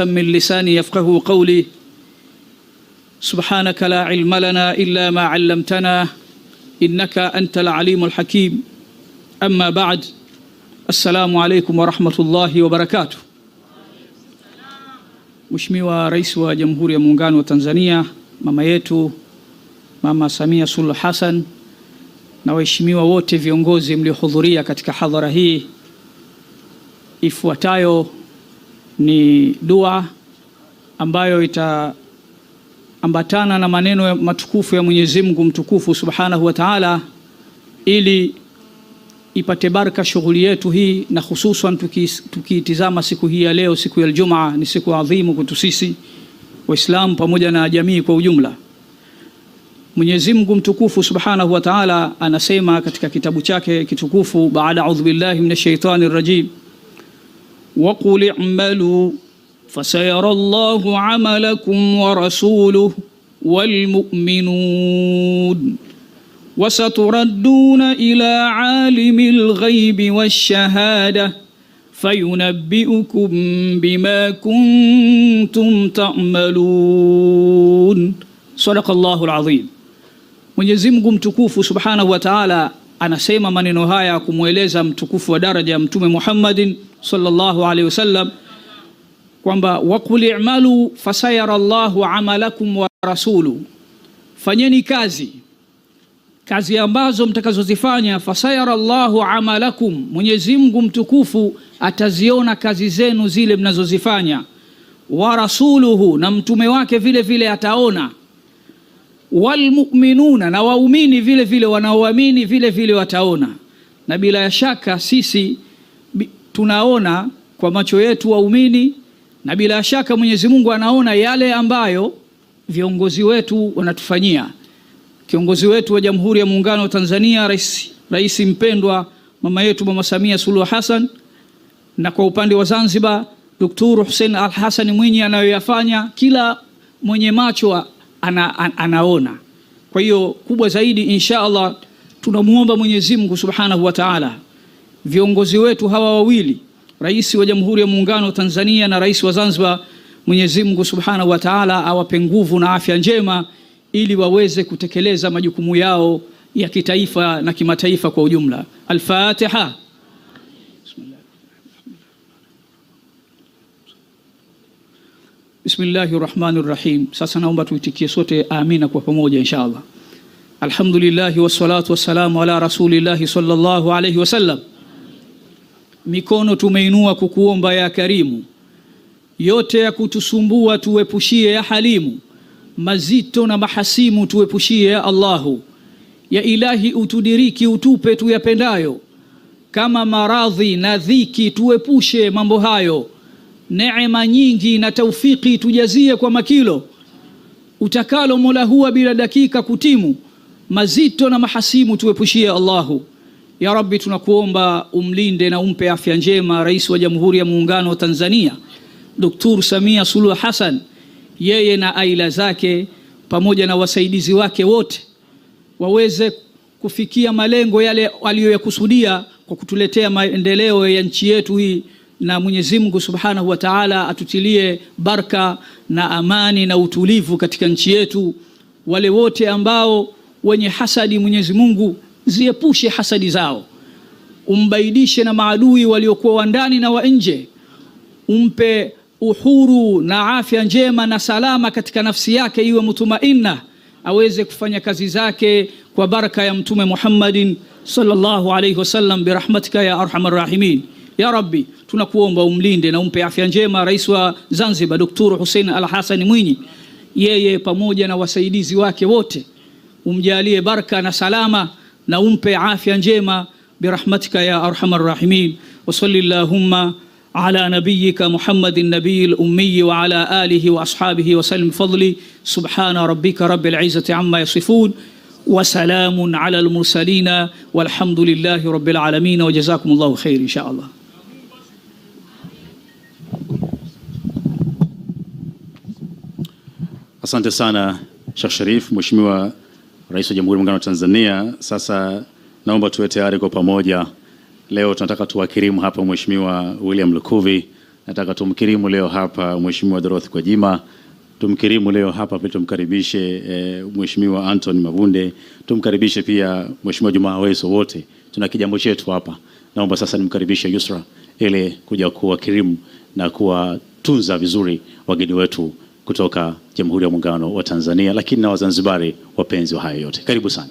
من لساني يفقه قولي سبحانك لا علم لنا إلا ما علمتنا إنك أنت العليم الحكيم أما بعد السلام عليكم ورحمة الله وبركاته Mheshimiwa Rais wa Jamhuri ya Muungano wa Tanzania, mama yetu Mama Samia Suluhu Hassan na waheshimiwa wote viongozi mliohudhuria katika hadhara hii ifuatayo ni dua ambayo itaambatana na maneno ya matukufu ya Mwenyezi Mungu mtukufu Subhanahu wa Ta'ala, ili ipate baraka shughuli yetu hii, na hususan tukiitizama siku hii ya leo, siku ya Ijumaa. Ni siku adhimu kwetu sisi Waislamu pamoja na jamii kwa ujumla. Mwenyezi Mungu mtukufu Subhanahu wa Ta'ala anasema katika kitabu chake kitukufu, baada audhu billahi minash shaitani rajim وقل اعملوا فسيرى الله عملكم ورسوله والمؤمنون وستردون إلى عالم الغيب والشهادة فينبئكم بما كنتم تعملون صدق الله العظيم من يزمكم تكوف سبحانه وتعالى anasema maneno haya kumweleza mtukufu wa daraja ya Mtume Muhammadin sallallahu alaihi wasallam kwamba waqul i'malu fasayara Allahu amalakum wa rasulu, fanyeni kazi kazi ambazo mtakazozifanya. Fasayara Allahu amalakum, Mwenyezi Mungu mtukufu ataziona kazi zenu zile mnazozifanya. Wa rasuluhu, na mtume wake vile vile ataona walmuminuna, na waumini vile vile wanaoamini vile vile wataona. Na bila ya shaka sisi tunaona kwa macho yetu waumini, na bila ya shaka Mwenyezi Mungu anaona yale ambayo viongozi wetu wanatufanyia. Kiongozi wetu wa Jamhuri ya Muungano wa Tanzania, rais, rais mpendwa mama yetu Mama Samia Suluhu Hassan, na kwa upande wa Zanzibar Dkt. Hussein Al Hassan Mwinyi anayoyafanya, kila mwenye macho ana, ana, anaona. Kwa hiyo kubwa zaidi insha Allah tunamwomba Mwenyezi Mungu Subhanahu wa Ta'ala, viongozi wetu hawa wawili, Rais wa Jamhuri ya Muungano wa Tanzania na Rais wa Zanzibar, Mwenyezi Mungu Subhanahu wa Ta'ala awape nguvu na afya njema ili waweze kutekeleza majukumu yao ya kitaifa na kimataifa kwa ujumla. Al-Fatiha. Bismillahi rahmani rahim. Sasa naomba tuitikie sote amina kwa pamoja insha allah. Alhamdulillahi wassalatu wassalamu ala rasulillahi sallallahu alayhi wasallam. Mikono tumeinua kukuomba ya karimu, yote ya kutusumbua tuepushie ya halimu, mazito na mahasimu tuepushie ya Allahu. Ya ilahi utudiriki, utupe tuyapendayo, kama maradhi na dhiki tuepushe mambo hayo neema nyingi na taufiki tujazie kwa makilo utakalo Mola huwa bila dakika kutimu, mazito na mahasimu tuepushie Allahu. Ya Rabbi, tunakuomba umlinde na umpe afya njema Rais wa Jamhuri ya Muungano wa Tanzania Dr. Samia suluh hasan yeye na aila zake pamoja na wasaidizi wake wote waweze kufikia malengo yale aliyoyakusudia kwa kutuletea maendeleo ya nchi yetu hii na Mwenyezi Mungu Subhanahu wa Ta'ala atutilie baraka na amani na utulivu katika nchi yetu. Wale wote ambao wenye hasadi, Mwenyezi Mungu ziepushe hasadi zao, umbaidishe na maadui waliokuwa wa ndani na wa nje, umpe uhuru na afya njema na salama katika nafsi yake, iwe mutumaina aweze kufanya kazi zake kwa baraka ya Mtume Muhammadin sallallahu alayhi wasallam, birahmatika ya arhamar rahimin. Ya Rabbi, tunakuomba umlinde na umpe afya njema Rais wa Zanzibar Dr. Hussein Al Hassan Mwinyi, yeye pamoja na wasaidizi wake wote, umjalie baraka na salama na umpe afya njema birahmatika ya arhamar rahimin. Wa sallallahu ala nabiyyika Muhammadin nabiyil ummi wa ala alihi wa ashabihi wa sallim fadli subhana rabbika rabbil izzati amma yasifun wa ala al walhamdulillahi rabbil alamin wa jazakumullahu khair insha Allah. Asante sana Sheikh Sharif, Mheshimiwa Rais wa Jamhuri ya Muungano wa Tanzania. Sasa naomba tuwe tayari kwa pamoja. Leo tunataka tuwakirimu hapa Mheshimiwa William Lukuvi, nataka tumkirimu leo hapa Mheshimiwa Dorothy Gwajima, tumkirimu leo hapa pia tumkaribishe e, Mheshimiwa Anton Mavunde, tumkaribishe pia Mheshimiwa Juma Aweso. Wote tuna kijambo chetu hapa. Naomba sasa nimkaribishe Yusra ili kuja kuwakirimu na kuwatunza vizuri wageni wetu kutoka Jamhuri ya Muungano wa Tanzania, lakini na Wazanzibari wapenzi wa haya yote, karibu sana.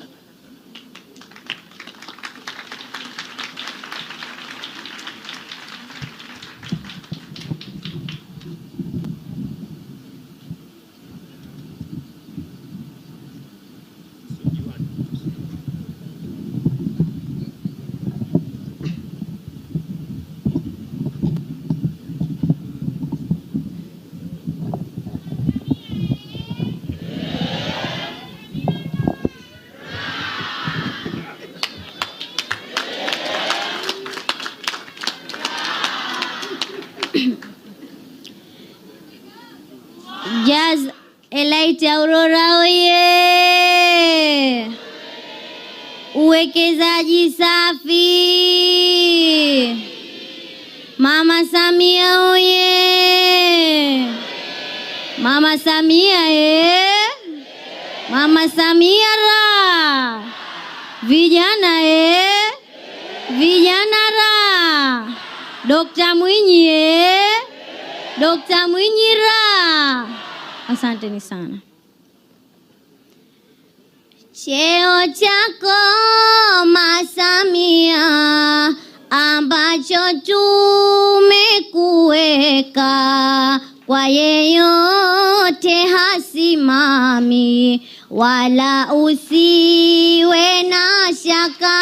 Jazz Elite Aurora oye! Uwekezaji safi. Mama Samia oye! Mama Samia ye! Eh! Mama Samia ra! Vijana ye! Eh! Vijana ra! Dokta Mwinyi ye, Dokta Mwinyi ra. Asanteni sana. Cheo chako Masamia ambacho tumekuweka kwa yeyote hasimami, wala usiwe na shaka